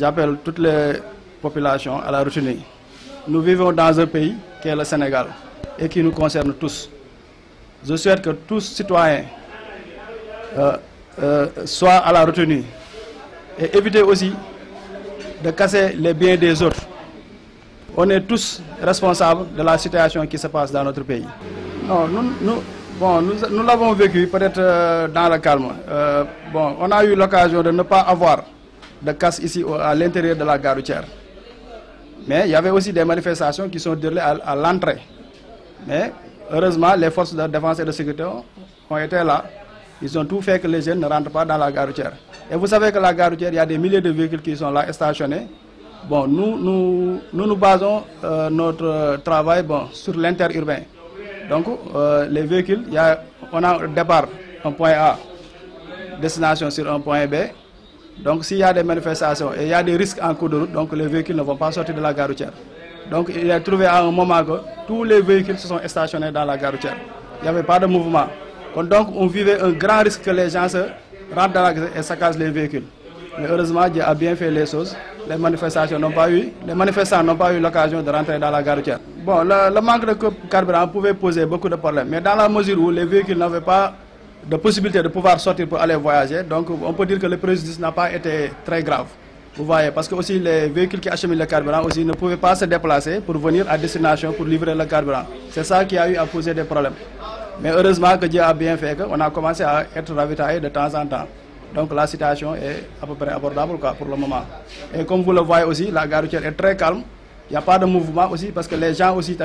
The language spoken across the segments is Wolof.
j'appelle toutes les populations à la retenue. Nous vivons dans un pays qui est le Sénégal et qui nous concerne tous. Je souhaite que tous citoyens euh, euh, soient à la retenue et éviter aussi de casser les biens des autres. On est tous responsables de la situation qui se passe dans notre pays. nous, bon, nous, l'avons vécu peut-être euh, dans le calme. bon, on a eu l'occasion de ne pas avoir de casse ici à l'intérieur de la gare Mais il y avait aussi des manifestations qui sont déroulées à, à l'entrée. Mais heureusement, les forces de défense et de sécurité ont, été là. Ils ont tout fait que les jeunes ne rentrent pas dans la gare Et vous savez que la gare il y a des milliers de véhicules qui sont là stationnés. Bon, nous nous, nous, nous basons euh, notre euh, travail bon, sur l'interurbain. Donc, euh, les véhicules, il y a, on a un départ, un point A, destination sur un point B, donc s'il y a des manifestations et il y a des risques en cours de route, donc les véhicules ne vont pas sortir de la gare Donc il a trouvé à un moment que tous les véhicules se sont stationnés dans la gare Il n'y avait pas de mouvement. Donc on vivait un grand risque que les gens se rentrent dans la gare et saccagent les véhicules. Mais heureusement, Dieu a bien fait les choses. Les manifestations n'ont pas eu, les manifestants n'ont pas eu l'occasion de rentrer dans la gare Bon, le, le manque de carburant pouvait poser beaucoup de problèmes, mais dans la mesure où les véhicules n'avaient pas de possibilité de pouvoir sortir pour aller voyager. Donc on peut dire que le préjudice n'a pas été très grave. Vous voyez, parce que aussi les véhicules qui acheminent le carburant aussi ne pouvaient pas se déplacer pour venir à destination pour livrer le carburant. C'est ça qui a eu à poser des problèmes. Mais heureusement que Dieu a bien fait on a commencé à être ravitaillé de temps en temps. Donc la situation est à peu près abordable pour le moment. Et comme vous le voyez aussi, la gare est très calme. Il n'y a pas de mouvement aussi parce que les gens aussi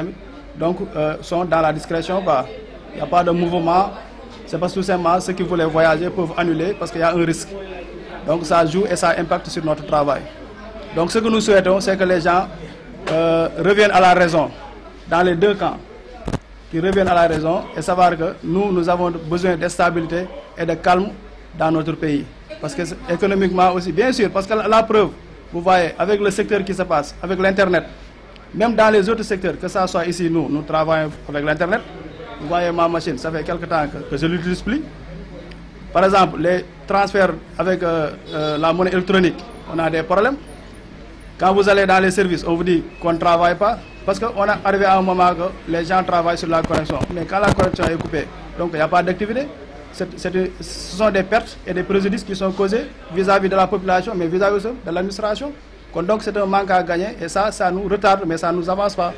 donc, euh, sont dans la discrétion. Quoi. Il n'y a pas de mouvement c'est parce que tout simplement ceux qui voulaient voyager peuvent annuler parce qu'il y a un risque. Donc ça joue et ça impacte sur notre travail. Donc ce que nous souhaitons, c'est que les gens euh, reviennent à la raison, dans les deux camps, qui reviennent à la raison et savoir que nous, nous avons besoin de stabilité et de calme dans notre pays. Parce que économiquement aussi, bien sûr, parce que la, preuve, vous voyez, avec le secteur qui se passe, avec l'Internet, même dans les autres secteurs, que ce soit ici, nous, nous travaillons avec l'Internet, vous voyez ma machine, ça fait quelque temps que, je l'utilise plus. Par exemple, les transferts avec euh, euh, la monnaie électronique, on a des problèmes. Quand vous allez dans les services, on vous dit qu'on ne travaille pas, parce qu'on est arrivé à un moment que les gens travaillent sur la correction Mais quand la correction est coupée, donc il n'y a pas d'activité, ce sont des pertes et des préjudices qui sont causés vis-à-vis de la population, mais vis-à-vis de l'administration. Donc c'est un manque à gagner et ça, ça nous retarde, mais ça ne nous avance pas.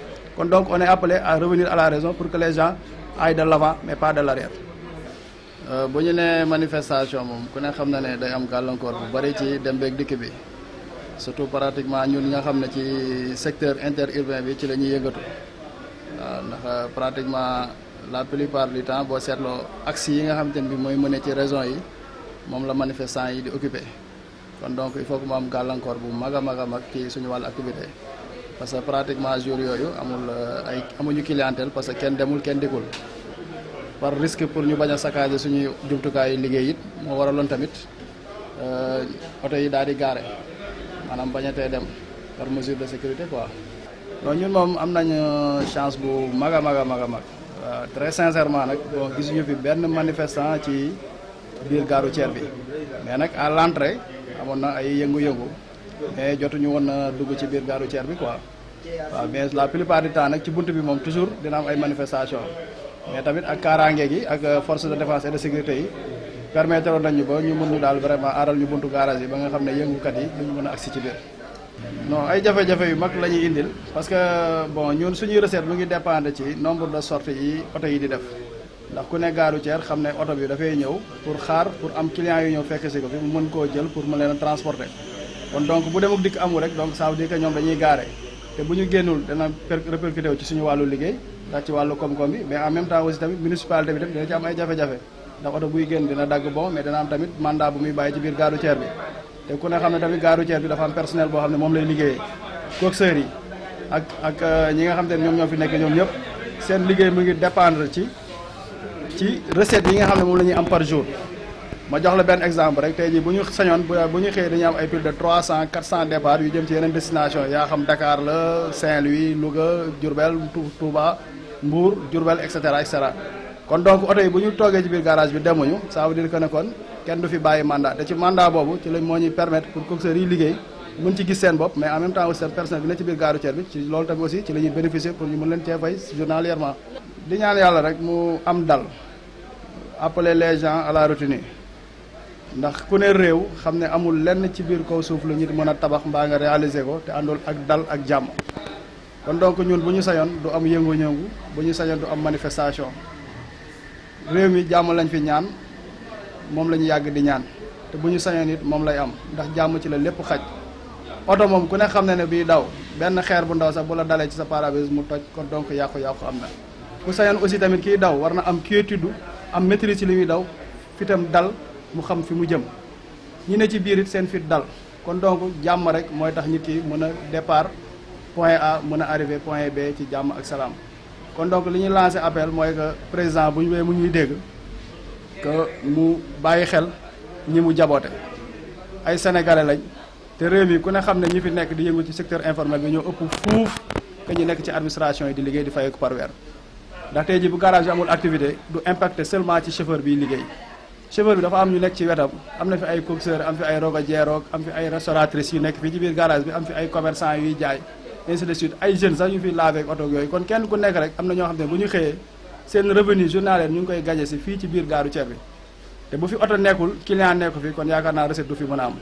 Donc on est appelé à revenir à la raison pour que les gens ay de l'avant mais pas de l'arrière eh, bu ñu né manifestation mom ku ne xam na ne day am gàllankoor bu bari ci dem bék dikk bi surtout pratiquement ñun nga xam ne ci secteur interurbain bi ci lañuy ñuy yëngatu ndax eh, pratiquement la plupart du temps bo sétlo axe yi nga xam te bi moy mëne ci raison yi mom la manifestant yi di occuper kon donc il faut que mu am gàllankoor bu maga maga mak ci suñu wal activité parce que pratiquement jour yooyu amul euh, ay amuñu clientèle parce que kenn demul kenn dikkul par risque pour ñu bañ a saccager suñuy jumtukaayu liggéey it moo loon tamit euh, oto yi daal di gaare maanaam bañ a tee dem par mesure de sécurité quoi. non ñun moom am nañ euh, chance bu mag a mag a mag a mag très sincèrement nag bon gisuñu fi benn manifestant ci biir gaaru Thiès bi mais nag à l'entrée amoon na ay yëngu-yëngu. mais eh, jotu ñu na euh, dugg ci biir gare routière bi quoi waaw mais la plupart du temps nak ci buntu bi mom toujours dina am ay manifestation mais tamit ak karangé gi ak euh, force de défense et de sécurité yi permettre nañu ba ñu mënu dal vraiment aral ñu buntu garage yi ba nga xamné yëngu kat yi ñu mëna a ci biir non ay jafé jafé yu mak lañuy indil parce que bon ñun suñu recette mu ngi dépendre ci nombre de sorties yi auto yi di def ndax ku ne garu ceer xam auto bi da fay ñew pour xaar pour am client yu ñew fekk ci ko fi mu mën ko jël pour mu leen transporter kon donc bu demuk dik amul rek donc ça veut dire que ñoom dañuy garé té buñu gënul dana répercuter ci suñu walu liggéey da ci walu kom kom bi mais en même temps aussi tamit municipalité bi tamit dina ci am ay jafé jafé ndax auto buy gën dina dag bon mais dana am tamit mandat bu muy bay ci bir garu routière bi té ku ne xamné tamit garu routière bi dafa am personnel boo xam ne moom lay liggéeyee sœur yi ak ak euh, ñi nga xamné ñom ñofi ñoom ñoo fi nekk ñoom ñëpp seen liggéey mu ngi dépendre ci ci recette yi nga xamné mom lañuy am par jour ma jox la benn exemple rek tey jii bu ñu sañoon bu ñu xëyee dañuy am ay plus de trois cent quatre cent départ yu jëm ci yeneen destination yaa xam Dakar la Saint-Louis Louga Diourbel Touba Mbour Diourbel et cetera et cetera kon donc oto yi bu ñu toogee ci biir garage bi demuñu ça veut dire que ko kon kenn du fi bàyyi mandat te ci mandat boobu ci lañ moo ñuy pour coxeur yi liggéey mën ci gis seen bopp mais en temps aussi seen personnel bi ne ci biir gare routière bi ci loolu tamit aussi ci la ñuy bénéficier pour ñu mën leen cee rek mu am dal appeler les gens à la retenue ndax ku ne réew xam ne amul lenn ci biir kaw suuf lu nit mën a tabax mbaa nga réaliser ko te àndul ak dal ak jàmm kon donc ñun bu ñu sañoon du am yëngu-yëngu bu ñu sañoon du am manifestation réew mi jàmm lañ fi ñaan moom la yàgg di ñaan te bu ñu sañoon it moom lay am ndax jàmm ci la lépp xaj oto moom ku ne xam ne ne bii daw benn xeer bu ndaw sax bu la dalee ci sa pare mu toj kon donc yàqu-yàqu am na bu sañoon aussi tamit kiy daw war na am quiétude am maîtrise li muy daw fitam dal mu xam fi mu jëm ñi ne ci biir it seen fit dal kon donc jàmm rek mooy tax nit ki mën a départ point A mën a arrivé point B ci jàmm ak salaam kon donc li ñuy lancé appel mooy que président bu ñu wee mu ñuy dégg que mu bàyyi xel ñi mu jaboote ay sénégalais lañ te réew mi ku ne xam ne ñi fi nekk di yëngu ci secteur informel bi ñoo ëpp fuuf que ñu nekk ci administration yi di liggéey di fay ko par weer ndax tey bu garage yi amul activité du impacter seulement ci chauffeur biy liggéey chauffeur bi dafa am ñu nekk ci wetam am na fi ay coxeur am fi ay roga jeeroog am fi ay restauratrices yu nekk fii ci biir garage bi am fi ay commerçant yuy jaay ainsi suite ay jeunes sax ñu fi laver ak oto yooyu kon kenn ku nekk rek am na ñoo xam ne bu ñu xëyee seen revenu journalier ñu ngi koy gaje si fii ci biir gaaru ceeb bi te bu fi oto nekkul client nekku fi kon yaakaar naa recette du fi mën a am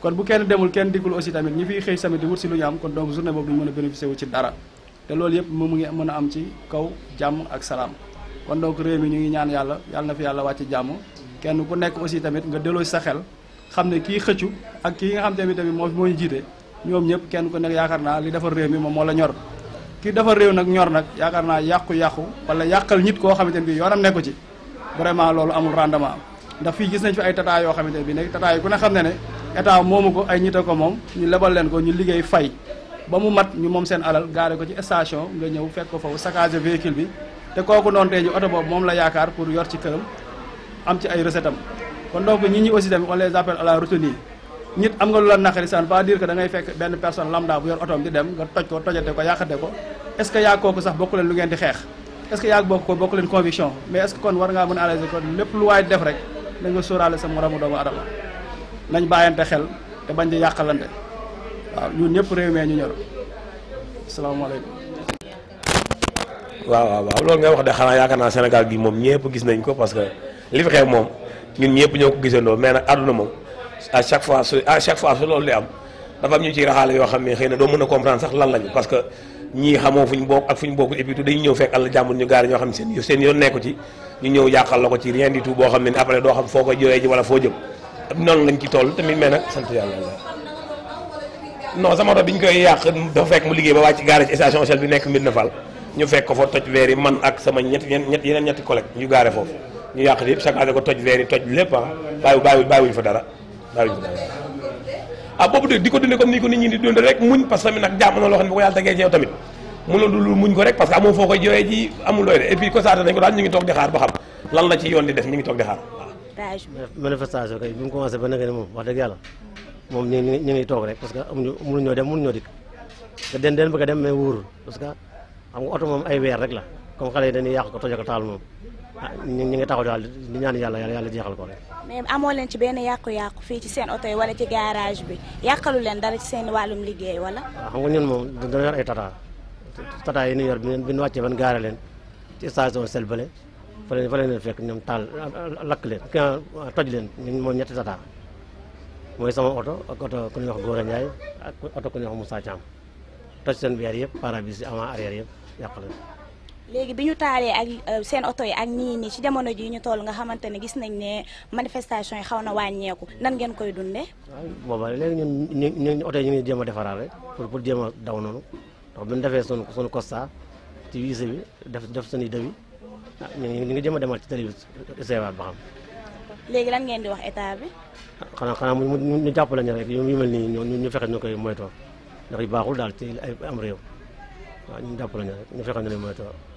kon bu kenn demul kenn dikkul aussi tamit ñi fiy xëy tamit di wut si lu ñu am kon a bénéficier loolu yëpp mu ngi mën a am ci kaw ak salaam kon donc réew mi ñu ngi ñaan yàlla yàlla na fi yàlla wàcc jàmm kenn ku nekk aussi tamit nga delloo sa xel xam ne kii xëccu ak kii nga xam tamit tamit moo moo jiite ñoom ñëpp kenn ku nekk yaakaar naa li defar réew moom moo la ñor kii defar réew nag ñor nag yaakaar naa yàqu-yàqu wala yàqal nit koo xamante ne bii yoonam nekku ci vraiment loolu amul rendement ndax gis nañ fi ay tata yoo xamante ne bii nag tata yi ku ne xam ne ne état ko ay nit a ko moom ñu lebal leen ko ñu liggéey fay ba mu mat ñu moom seen alal gaare ko ci station nga ñëw fekk ko foofu saccage véhicule bi te kooku noonu tey ji oto boobu moom la yaakaar pour yor ci këram am ci ay recettam am kon donc ñi ñi aussi tamit on les appelle à la retenue nit am nga lu la naqari ça pas dire que da ngay fekk benn personne lambda bu yor auto di dem nga toj ko tojate ko yakate ko est ce que yaa kooku sax bokku len lu ngeen di xex est ce que ya bokku ko bokku len conviction mais est ce que kon war nga mën aller ko lepp lu way def rek da nga sóoraale sa moromu doomu adam nañ bayante xel te bañ di yakalante waaw ñu ñepp rew me ñu ñor asalaamaaleykum waaw waaw waaw loolu ngay wax de xanaa yaakaar naa Sénégal gi moom ñëpp gis nañ ko parce que li fi mom ñun ñepp ñoko ko mais nak aduna moom à chaque fois à chaque fois su loolu di am dafa am ñu ci raxaale yo xamni xeyna do mëna comprendre sax lan lañu parce que ñi xamoo fuñ bokk ak fuñ bokkul et puis dañuy ñëw fekk Allah jàmbur ñu gaari ñoo xam ne seen seen yoon nekku ci ñu ñëw yaqal lako ci rien du tout bo xamni après do xam foko ko jooyee ji wala fo jëm non lañ ci toll tamit mais nag sant yàlla non sama oto biñ koy yaq do fekk mu liggéey ba wacc gaare ci station Shell bi nekk na fal ñu fekk ko fa toj weer yi man ak sama ñet ñet yeneen ñet collègue ñu gaare fofu ñu yàq lépp chaque année ko toj leen toj lépp ah bàyyi bàyyi bàyyiwuñ fa dara bàyyiwuñ fa dara ah boobu de di ko dundee comme ni ko nit ñi di dund rek muñ parce kan, que tamit nag jàmm na loo xam ne bu ko yàlla tegee ci yow tamit mënoo dul muñ ko rek parce que amoo foo koy jooyee eh, ji amul loy de et eh, puis ko saata nañ ko daal ñu ngi toog di xaar ba xam lan la ci yoon di def ñu ngi toog di xaar manifestation kay bi mu commencé ba naka ne moom wax dëgg yàlla moom ñu ñu ngi toog rek parce que amuñu mënuñoo dem mënuñoo dikk te den den bëgg a dem mais wóorul parce que xam nga oto moom ay weer rek la comme xale yi dañuy yàq ko tojo ko taal moom ñu ngi taxaw daal di ñaan yàlla yàlla jeexal ko rek. mais amoo leen ci benn yàqu-yàqu fii ci seen oto yi wala ci garage bi yàqalu leen dara ci seen wàllum liggéey wala. waaw xam nga ñun moom dañoo yor ay tata tata yi ñu yor bi ñu wàccee ban gaare leen ci station selbale fa leen fa leen fekk ñoom taal lakk leen toj leen ñun moom ñetti tata mooy sama oto ak oto ku ñuy wax Gora Ndiaye ak oto ku ñuy wax Moussa Thiam toj seen biir yëpp pare-brise yi avant arrière yëpp yàq leen. léegi bi ñu taalee ak euh, seen oto yi ak ñii nii ci jamono ji ñu toll nga xamante ne gis nañ ne manifestation yi xaw na wàññeeku nan ngeen koy dundee. waaw booba léegi ñun ñu oto yi ñu ngi jéem a defaraat rek pour pour jéem a daw noonu ndax bu defee sunu sunu constat ci wiise bi def def sunu devis ah ñu ngi ñu ngi jéem a demal ci tali bi seewaat xam. léegi lan ngeen di wax état bi. xanaa xanaa mu ñu jàppale ñu rek yu mel nii ñu ñu fexe ñu koy moytoo ndax yu baaxul daal ci réew waaw ñu jàppale ñu rek ñu fexe ñu